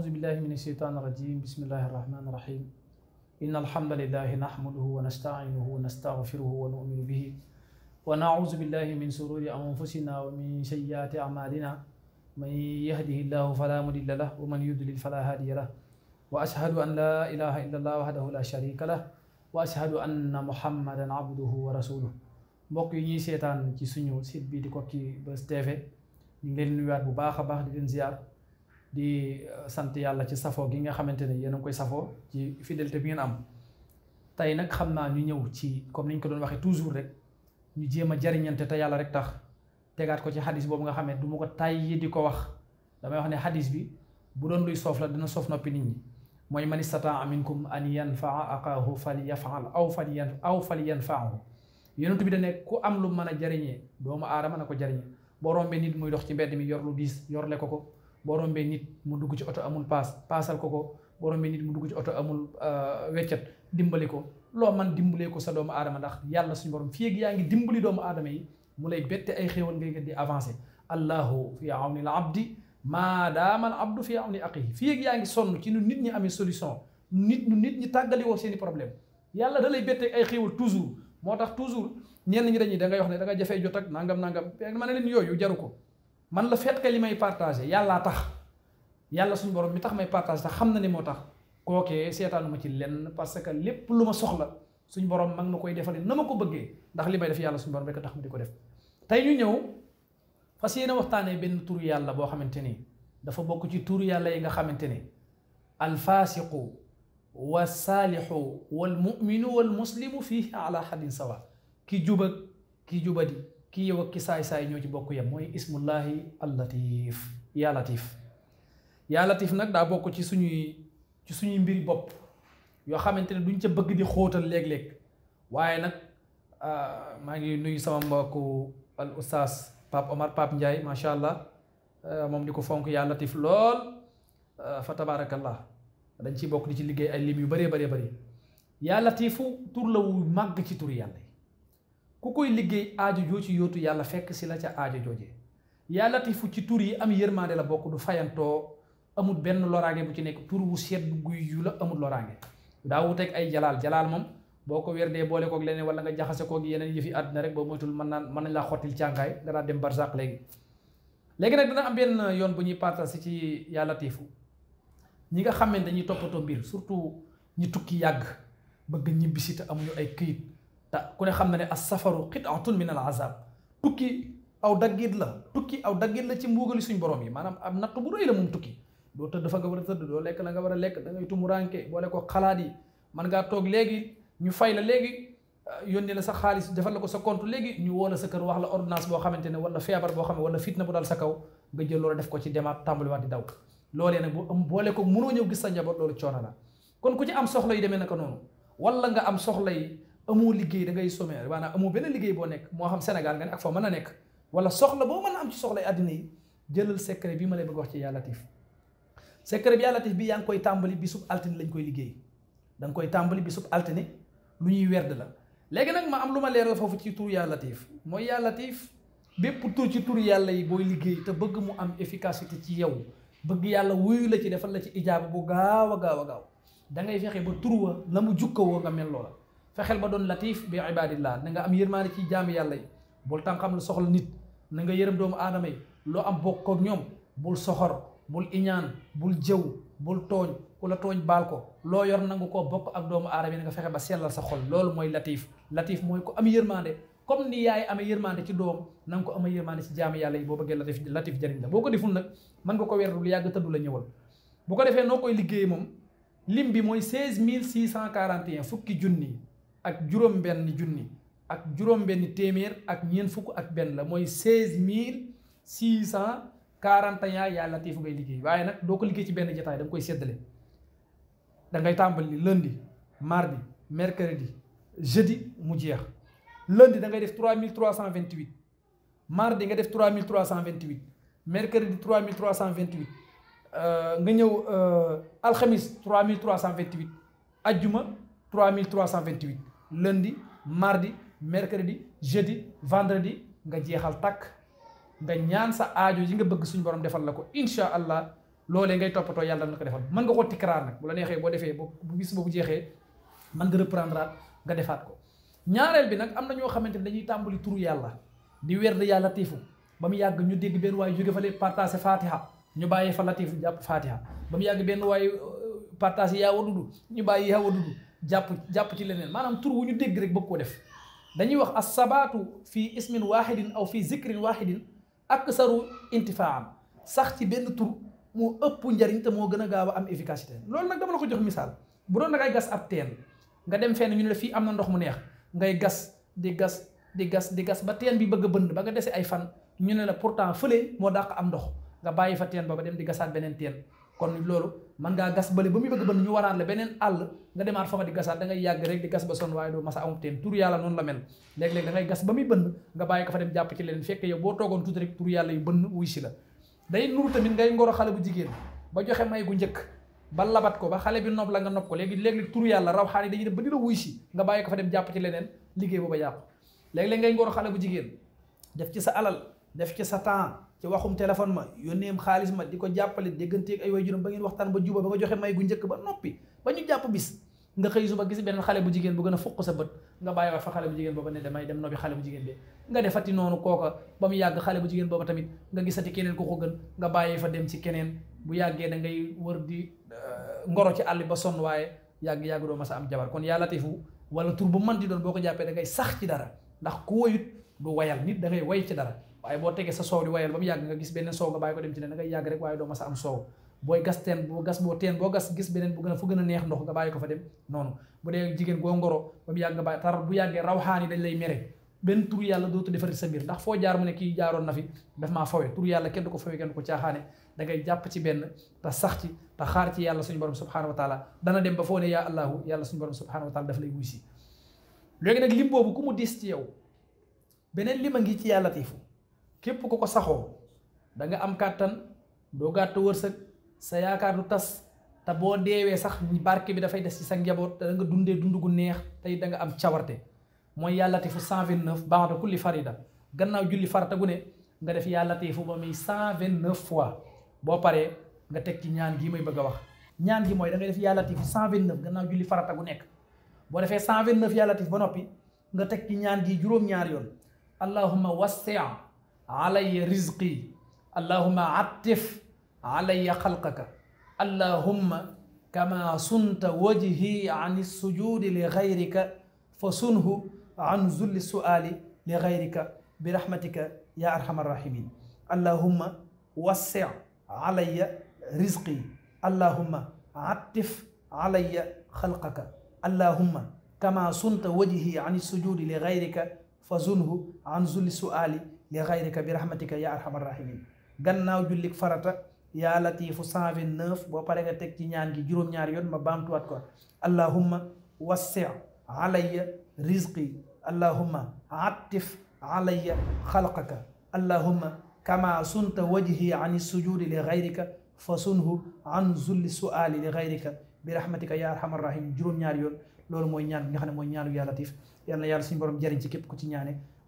أعوذ بالله من الشيطان الرجيم بسم الله الرحمن الرحيم إن الحمد لله نحمده ونستعينه ونستغفره ونؤمن به ونعوذ بالله من شرور أنفسنا ومن سيئات أعمالنا من يهده الله فلا مضل له ومن يضلل فلا هادي له وأشهد أن لا إله إلا الله وحده لا شريك له وأشهد أن محمدا عبده ورسوله mbokk ني سيتان seetaan سونو suñu site bi di Koki Buzz TV ñu ngi leen nuyuwaat bu baax di eh, sant yàlla ci safoo gi nga xamante ne yéen a koy safoo ci fidélité bi ngeen am tey nag xam naa ñu ñëw ci comme ni ñu ko doon waxee toujours rek ñu jéem a jariñante te yàlla rek tax tegaat ko ci xadis boobu nga xam ne du ma ko yi di ko wax damay wax ne xadis bi bu doon luy soof la dina soof noppi nit ñi mooy man istataa minkum an yanfaa aqaahu fal yafaal aw fal yan aw fal yan yanfaahu yonentu bi da ne ku am lu mën a jariñee doomu aadama na ko jariñee boo ci mbedd mi yor lu diis yorle ko ko boo rombee nit mu dugg ci oto amul paas paasal ko ko boo rombee nit mu dugg ci oto amul euh, weccat dimbali ko loo man dimbalee ko sa doomu aadama ndax yàlla suñu borom fii ak yaa ngi dimbali doomu aadama yi mu lay bette ay xéewal ngay gën di avancé allahu fi awni al abdi maadaama al abdu fi awni aqihi fii ak yaa ngi sonn ci nu nit ñi amee solution nit ñu nit ñi tàggali woo seeni problème yàlla da lay bette ay xéewal toujours moo tax toujours ñenn ñi dañuy da ngay wax ne da nga jafee jot ak nangam nangam ma ne leen yooyu jaru ko man la fait que li may partagé yàllaa tax yàlla suñu borom mi tax may partager tax xamna ni moo tax kookee seetaanu ma ci lenn parce que lépp luma soxla suñu borom mag ma koy defalee na ma ko bëggé ndax li may def yàlla suñu borom rek tax mu di def tay ñu ñëw fasiyena waxtane ben tour yàlla bo xamanteni dafa bokk ci tour yàlla yi nga xamanteni al fasiqu wa saalixu wal muminu wal muslimu fii ala xadin sawa ki jubag ki jubadi ki yow ak ki saay-saay ñoo ci bokk yam mooy ismullahi allatif yaa latif yaa latif nag daa bokk ci suñuy ci suñuy mbiri bopp yoo xamante ne duñ ca bëgg di xóotal léeg-léeg waaye nag ah, maa ngi nuyu sama mbokk al oustaz Pape Omar Pape Ndiaye macha allah ah, moom di ko fonk yaa latif lool ah, fa tabaarakallah dañ ciy bokk di ci liggéey ay lim yu bëree bëree bëri yaa latifu tur la wu màgg ci tur yàlla ku koy liggéey aaju joo ci yóotu yàlla fekk si la ca aaju jooje yalla ti fu ci tour yi am yermande la bokku du fayanto amul ben lorange bu ci nekk tur wu sedd guy yu la amul ay Jalal, Jalal mom boko werde bolé boole ak leneen wala nga jaxase ak yenen yefi adna rek bo moytul man nan man la xotil xottil da danaa dem barzak legi legi nak dana am ben yon bu ñi partage ci ya latifu ñi nga dañuy topato mbir surtout ñi tukki yag bëgg ñibisi te amuñu ay këyit te ku ne xam na ne as safaru qit'atun min al azab tukki aw daggit la tukki aw daggit la ci mbuugali suñu borom yi maanaam am natt bu rëy la moom tukki loo tëdd fa nga war a tëdd doo lekk la nga war a lekk da ngay tumuranke boole ko xalaat yi man ngaa toog léegi ñu fay la léegi euh, yónnee la sa xaalis defal la ko sa compte léegi ñu woo la sa kër wax la ordonnance boo xamante ne wala feebar boo xam ne wala fitna bu dal sa kaw nga jël loolu def ko ci demaat tàmbaliwaat di daw loole nag bu am boole ko mënoo ñëw gis sa njaboot loolu coono la kon ku ci am soxla yi demee naka noonu wala nga am soxla yi amoo liggéey dangay some maanaa amoo benn liggéey boo nekk moo xam Sénégal nga ne ak foo mën a nekk wala soxla boo mën a am ci soxla àddina yi jëlal secret bi ma lay bëgg wax ci yàlla tif secret bi bi yaa ngi koy tàmbali bisub altine lañ koy liggéey da koy tàmbali bisub altine lu ñuy werd la léegi nag ma am lu ma leeral foofu ci tur yàlla tif mooy yàlla tif bépp tur ci tur yàlla yi booy liggéey te bëgg mu am efficacité ci yow bëgg yàlla wuyu la ci defal la ci ijaaba bu gaaw a gaaw a gaaw da ngay fexe ba tur wa mu jukka woo nga mel loola fexeel ba doon latif bi ibadillah na nga am yërmaane ci jaami yàlla yi bul tànqam lu soxla nit na nga yërëm doomu aadama yi loo am bokk ak ñoom bul soxor bul iñaan bul jëw bul tooñ ku la tooñ baal ko loo yor nangu ko bokk ak doomu aadama yi na nga fexe ba sellal sa xol loolu mooy latif latif mooy ko am yërmaande comme ni yaay amee yërmande ci doom na nga ko amee yërmande ci jaami yàlla yi boo bëggee latif latif jëriñ la boo ko deful nag mën nga ko weer lu yàgg tëddu la ñëwal bu ko defee noo koy liggéey moom lim bi mooy seize mille six cent quarante et un fukki ak juróom benn junni ak juróom benn téeméer ak ñeent fukk ak benn la mooy seize mille six cent quarante et un yaa fu ngay liggéey waaye nag doo ko liggéey ci benn jataay da nga koy séddale da ngay tàmbali lundi mardi mercredi jeudi mu jeex lundi da ngay def trois mille trois cent vingt huit mardi nga def trois mille trois cent vingt huit mercredi trois mille trois cent vingt huit euh, nga ñëw euh, alxamis trois mille trois cent vingt huit ajjuma trois mille trois cent vingt huit lundi mardi mercredi jeudi vendredi nga jeexal takk nga ñaan sa aajo yi nga bëgg suñu borom defal la ko incha allah loole ngay toppatoo yàlla dana ko defal mën nga ko tikraar nag bu la neexee boo defee bu bis boobu jeexee mën nga reprendre nga defaat ko ñaareel bi nag am na ñoo xamante ni dañuy tàmbali turu yàlla di werd yàlla latifu ba mu yàgg ñu dégg benn waaye jóge fa lee partagé fatiha ñu bàyyi fa latifu jàpp fatiha ba mu yàgg benn waaye euh, partagé yaa wadudu ñu bàyyi yaa wadudu jàpp jàpp ci leneen maanaam tur wu ñu dégg rek bëgg ko def dañuy wax as sabaatu fii ismin waaxidin aw fii zikrin waaxidin aksaru am sax ci benn tur moo ëpp njariñ te moo gën a gaaw am efficacité loolu nag dama la ko jox misaal bu doon da gas ab teen nga dem fenn ñu ne la fii am na ndox mu neex ngay gas di gas di gas di gas ba teen bi bëgg a bënd ba nga desee ay fan ñu ne la pourtant fële moo dàq am ndox nga bàyyi fa teen ba ba dem di gasaat beneen teen kon lolu man nga gas balé ba muy bëgg bënn ñu waral la benen all nga démar fa di gasal da ngay yag rek di gas ba son way do massa amub teen tour yalla non la mel da ngay gas ba muy bënn nga bàyyi ko fa dem japp ci leneen fekk yow bo togon tout rek tour yalla yu bënd wuy ci la day nuru tamit ngay ngoro xalé bu jigeen ba joxe may gu ñëk ba labat ko ba xalé bi nopp la nga nopp ko léegi léegi tur yàlla raw xaan dañuy dem ba la wuy ci nga bàyyi ko fa dem japp ci leneen liggéey ba yaq ngay ngoro xalé bu jigeen def ci sa alal def ci sa temps ci waxum téléphone ma yonem xaalis ma di ko jàppale ak ay waajuram ba ngeen waxtan ba juba ba nga joxe may gu njëkk ba nopi ba ñu bis nga xey suba gis benen xale bu jigen bu gëna fukk sa bët nga bàyyi wax fa xale bu jigen boba ne damay dem noppi xale bu jigen bi nga defati nonu kooka ba mu yàgg xale bu jigen boba tamit nga gisati keneen ko ko gën nga fa dem ci keneen bu yagge da ngay wër di euh, ngoro ci alli ba son waye yag yag do ma sa am jabar kon ya latifu wala tur bu man di doon boko jappé da ngay sax ci dara ndax ku wayut du wayal nit da ngay way ci dara waaye boo tegee sa soow di wayal ba mu yàgg nga gis beneen soow nga bàyyi ko dem ci ne da ngay yàgg soow booy gas teen boo gas boo teen gis beneen bu a fu gën a neex nga bàyyi ko dem noonu bu dee jigéen goo ngoro nga bàyyi lay mere benn tur yàlla dootu sa mbir ndax jaar mu ne kii jaaroon na fi ko fawe kenn du ko caaxaane ngay jàpp ci benn te sax ci xaar ci yàlla suñu borom subhanahu wa taala dana dem ba foo ne yaa allahu yàlla suñu borom subhanahu wa taala daf lay wuy si léegi nag lim boobu ku mu dis ci yow beneen lima ngi ci yàlla tiifu képp ku ko saxoo da nga am kàttan doo gàtt wërsëg sa yaakaar du tas te boo deewee sax barke bi dafay des ci sa njaboot te da nga dundee dund gu neex tey da nga am cawarte mooy yàlla te fu 129 ba'da kulli farida gannaaw julli farata gu ne nga def yàlla te fu cent muy 129 fois boo paree nga teg ci ñaan gii may bëgg a wax ñaan gi mooy da def yàlla te fu 129 gannaaw julli farata gu nekk boo defee 129 yàlla te fu ba noppi nga teg ci ñaan gii juróom-ñaar yoon allahumma wasi' علي رزقي اللهم عطف علي خلقك اللهم كما صنت وجهي عن السجود لغيرك فصنه عن ذل السؤال لغيرك برحمتك يا أرحم الراحمين اللهم وسع علي رزقي اللهم عطف علي خلقك اللهم كما صنت وجهي عن السجود لغيرك فزنه عن ذل السؤال li xayrika bi rahmatika ya arhamar rahimin gannaaw jullik farata yaa latifu 129 boo pare nga teg ci ñaan gi juróom-ñaari yoon ma baamtuwaat ko allahumma wassi alayya rizqi allahumma attif alayya xalqaka allahumma kama sunta wajhi an sujudi li xayrika fa sunhu an zulli suali li xayrika bi rahmatika ya arhamar rahim juróom-ñaari yoon loolu mooy ñaan bi nga xam ne mooy ñaanu yaa latif yal na yàlla suñu borom jëriñ ci képp ku ci ñaane